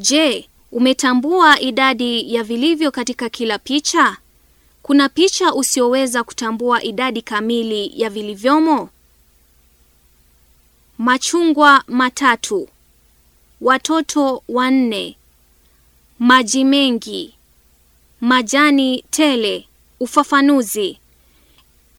Je, umetambua idadi ya vilivyo katika kila picha? Kuna picha usioweza kutambua idadi kamili ya vilivyomo. Machungwa matatu, watoto wanne, maji mengi, majani tele. Ufafanuzi.